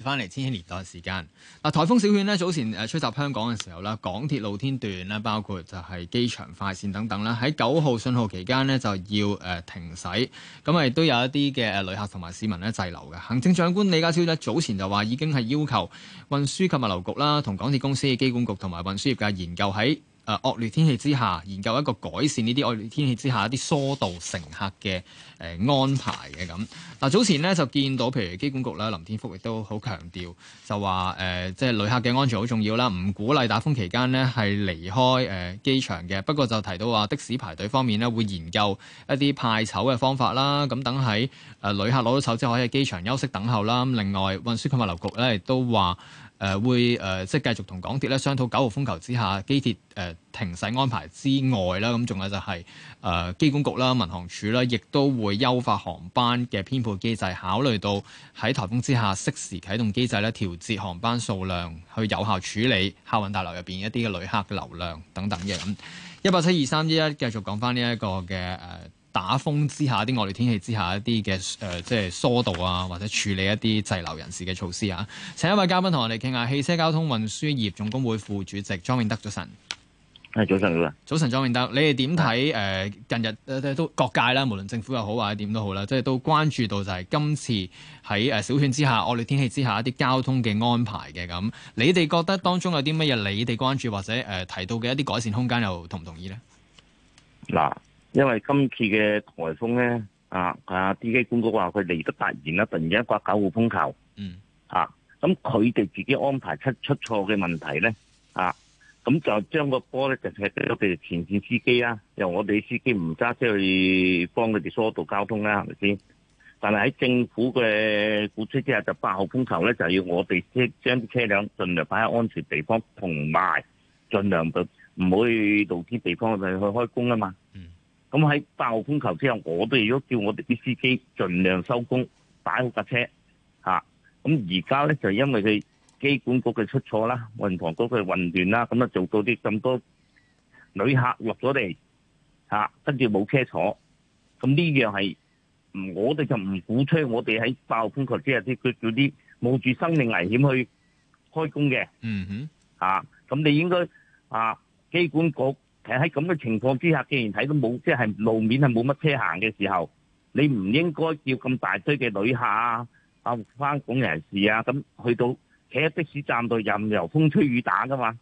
翻嚟千禧年代嘅時間，嗱，颱風小犬咧早前誒吹襲香港嘅時候咧，港鐵露天段咧，包括就係機場快線等等啦，喺九號信號期間咧就要誒停駛，咁啊亦都有一啲嘅旅客同埋市民咧滯留嘅。行政長官李家超咧早前就話已經係要求運輸及物流局啦同港鐵公司嘅機管局同埋運輸業界研究喺，誒、呃、惡劣天氣之下，研究一個改善呢啲惡劣天氣之下一啲疏導乘客嘅誒、呃、安排嘅咁。嗱早前呢就見到，譬如機管局啦，林天福亦都好強調，就話誒，即、呃、係、就是、旅客嘅安全好重要啦，唔鼓勵打風期間呢係離開誒、呃、機場嘅。不過就提到話的士排隊方面呢，會研究一啲派籌嘅方法啦。咁等喺誒旅客攞到籌之後，可以喺機場休息等候啦、啊。另外，運輸及物流局咧亦都話。誒、呃、會誒、呃、即係繼續同港鐵咧商討九號風球之下機鐵誒停駛安排之外啦，咁仲有就係誒機管局啦、民航處啦，亦都會優化航班嘅編配機制，考慮到喺颱風之下適時啟動機制咧，調節航班數量，去有效處理客運大樓入邊一啲嘅旅客流量等等嘅咁。一八七二三一一繼續講返呢一個嘅誒。呃打風之下，啲惡劣天氣之下，一啲嘅誒，即係疏導啊，或者處理一啲滯留人士嘅措施啊。請一位嘉賓同我哋傾下，汽車交通運輸業總工會副主席莊永德，早晨。誒，早晨早晨莊永德，你哋點睇誒近日都各界啦，無論政府又好或者點都好啦，即係都關注到就係今次喺誒小犬之下、惡劣天氣之下一啲、呃啊啊、交通嘅、呃呃、安排嘅咁。你哋覺得當中有啲乜嘢你哋關注或者誒、呃、提到嘅一啲改善空間又同唔同意呢？嗱。因為今次嘅台風咧，啊啊，啲機管局話佢哋嚟得突然啦，突然間颳九號風球，嗯，啊，咁佢哋自己安排出出錯嘅問題咧，啊，咁就將個波咧就踢俾我哋前線司機啊，由我哋司機唔揸車去幫佢哋疏導交通啦，啊，係咪先？但係喺政府嘅鼓吹之下，就八號風球咧就要我哋即將啲車輛盡量擺喺安全地方，同埋盡量就唔好去露天地方去開工啊嘛。嗯咁喺爆風球之後，我都如果叫我哋啲司機盡量收工，擺好架車，吓，咁而家咧就因為佢機管局嘅出錯啦，運房局嘅混亂啦，咁啊做到啲咁多旅客落咗嚟，吓，跟住冇車坐，咁呢樣係我哋就唔鼓吹我哋喺爆風球之後即佢叫啲冒住生命危險去開工嘅，嗯哼，吓，咁你應該啊機管局。其實喺咁嘅情況之下，既然睇到冇即係路面係冇乜車行嘅時候，你唔應該叫咁大堆嘅旅客啊、啊返工人士啊咁去到企喺的士站度任由風吹雨打噶嘛。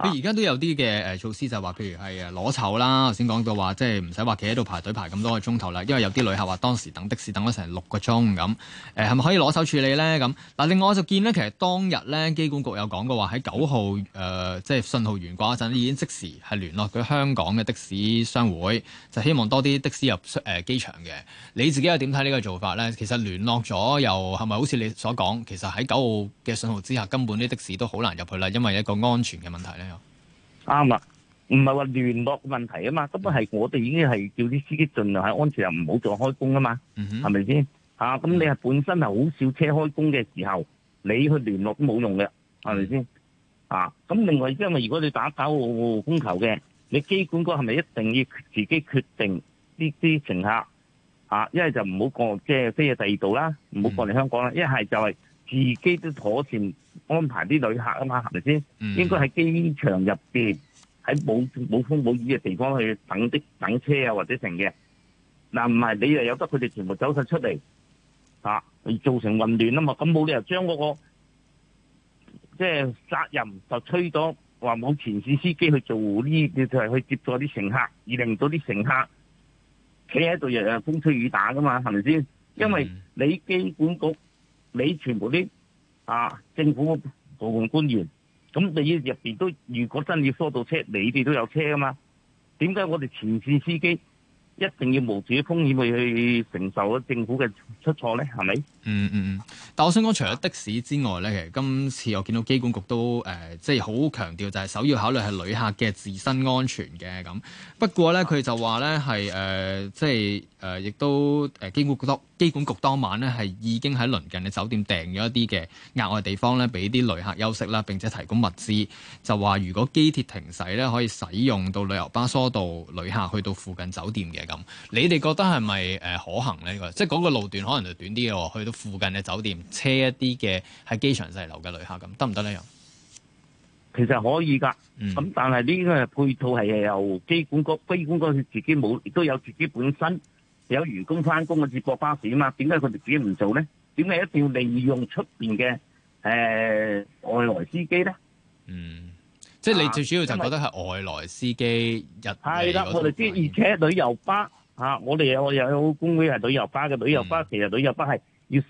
佢而家都有啲嘅措施，呃、就係話譬如係攞籌啦，頭先講到話，即係唔使話企喺度排隊排咁多個鐘頭啦，因為有啲旅客話當時等的士等咗成六個鐘咁，誒係咪可以攞手處理咧？咁嗱，但另外我就見咧，其實當日咧，機管局有講過話，喺九號、呃、即係信號懸掛嗰陣已經即時係聯絡佢香港嘅的，的士商會，就希望多啲的士入、呃、機場嘅。你自己又點睇呢個做法咧？其實聯絡咗，又係咪好似你所講，其實喺九號嘅信號之下，根本啲的，的士都好難入去啦，因為一個安全嘅問題咧。啱啦，唔係話聯絡問題啊嘛，根本係我哋已經係叫啲司機盡量喺安全又唔好再開工啊嘛，係咪先？吓咁你係本身係好少車開工嘅時候，你去聯絡都冇用嘅，係咪先？啊，咁另外因為如果你打打號工頭嘅，你機管局係咪一定要自己決定呢啲乘客？啊，一係就唔好過即係飛去第二度啦，唔好過嚟香港啦，一係就係。自己都妥善安排啲旅客啊嘛，係咪先？Mm hmm. 應該喺機場入邊，喺冇冇風冇雨嘅地方去等的等車啊，或者成嘅。嗱、啊，唔係你又有得佢哋全部走晒出嚟，吓、啊，而造成混亂啊嘛。咁冇理由將嗰、那個即係、就是、責任就推咗，話冇前線司機去做呢啲，就係、是、去接載啲乘客，而令到啲乘客企喺度又又風吹雨打噶嘛，係咪先？Mm hmm. 因為你機管局。你全部啲啊政府部門官員，咁你入邊都如果真要疏導車，你哋都有車噶嘛？點解我哋前線司機一定要冒自己風險去去承受咗政府嘅出錯咧？係咪？嗯嗯嗯。但我想講除咗的士之外咧，其實今次我見到機管局都，誒，即係好強調就係首要考慮係旅客嘅自身安全嘅咁。不過咧，佢就話咧係誒，即、呃、係。就係誒，亦都誒，機管局機管局當晚咧，係已經喺鄰近嘅酒店訂咗一啲嘅額外地方咧，俾啲旅客休息啦，並且提供物資。就話如果機鐵停駛咧，可以使用到旅遊巴疏導旅客去到附近嘅酒店嘅咁。你哋覺得係咪誒可行呢？即係嗰個路段可能就短啲嘅喎，去到附近嘅酒店車一啲嘅喺機場滯留嘅旅客咁得唔得呢？又其實可以㗎，咁、嗯、但係呢個配套係由機管局機管局自己冇，亦都有自己本身。有員工翻工，嘅接駁巴士啊嘛？點解佢哋自己唔做咧？點解一定要利用出邊嘅誒外來司機咧？嗯，即係你最主要就覺得係外來司機入嚟嗰度。係啦，我哋知，而且旅遊巴嚇，我哋有有工會係旅遊巴嘅。旅遊巴其實旅遊巴係要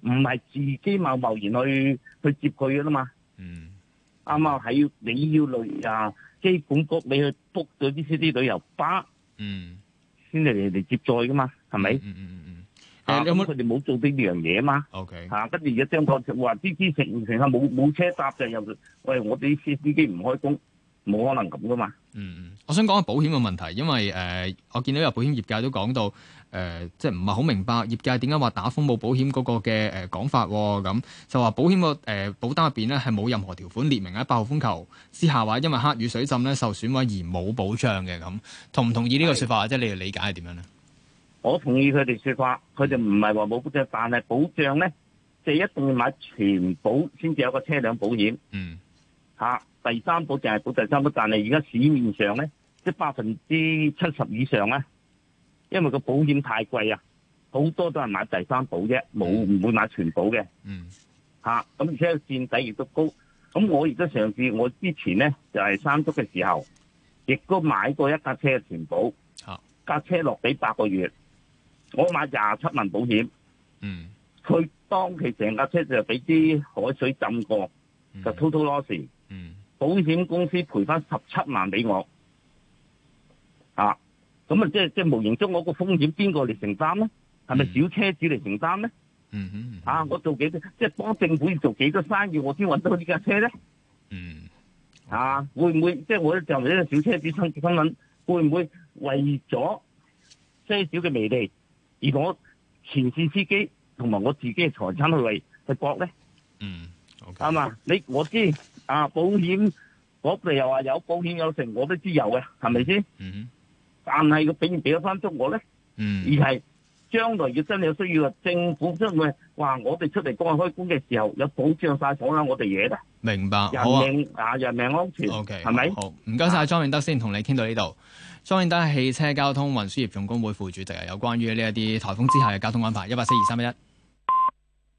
唔係自己貿貿然去去接佢啦嘛？嗯，啱啱係要你要去啊，機管局你去 book 咗啲啲啲旅遊巴，嗯。先至嚟嚟接載噶嘛，係咪？嗯嗯嗯嗯。嚇、mm, mm, mm, mm.，咁佢哋冇做啲呢樣嘢啊嘛。OK。吓， 跟住而家張台話啲啲乘乘客冇冇車搭就又，喂，我哋啲司機唔開工。冇可能咁噶嘛？嗯嗯，我想講下保險嘅問題，因為誒，我見到有保險業界都講到，誒，即係唔係好明白業界點解話打風冇保險嗰個嘅誒講法咁，就話保險個誒保單入邊咧係冇任何條款列明喺八號風球之下話，因為黑雨水浸咧受損話而冇保障嘅咁，同唔同意呢個說法？即係你嘅理解係點樣咧？我同意佢哋說法，佢哋唔係話冇保障，但係保障咧，即係一定要買全保先至有一個車輛保險。嗯。第三保淨係保第三保，但係而家市面上咧，即百分之七十以上咧，因為個保險太貴啊，好多都係買第三保啫，冇唔會買全保嘅。嗯、mm。咁而且賬底亦都高，咁我而家上次我之前咧就係山竹嘅時候，亦都買過一架車嘅全保。Oh. 架車落地八個月，我買廿七萬保險。嗯、mm。佢、hmm. 當其成架車就俾啲海水浸過，mm hmm. 就 total loss。保險公司賠翻十七萬俾我，啊，咁啊、就是，即係即係無形中我個風險邊個嚟承擔咧？係咪小車主嚟承擔咧？嗯嗯、mm hmm. 啊，我做幾多，即、就、係、是、幫政府做幾多生意，我先搵到呢架車咧？嗯、mm，hmm. okay. 啊，會唔會即係、就是、我就係呢個小車主新新聞會唔會為咗些少嘅微利，而我前線司機同埋我自己嘅財產去嚟去搏咧？嗯、mm hmm.，OK，係嘛、啊？你我知。啊！保險我哋又話有保險有成我都知有嘅，係咪先？嗯。但係佢俾唔俾得翻出我咧？嗯。而係將來要真係有需要啊，政府真係話我哋出面，哇！我哋出嚟幹開工嘅時候，有保障晒所啦。我哋嘢啦。明白，啊、人命啊，啊，人命安全。O K，係咪？好，唔該晒。莊永德先跟你到這裡，同你傾到呢度。莊永德係汽車交通運輸業總工會副主席啊，有關於呢一啲颱風之下嘅交通安排，一八四二三一。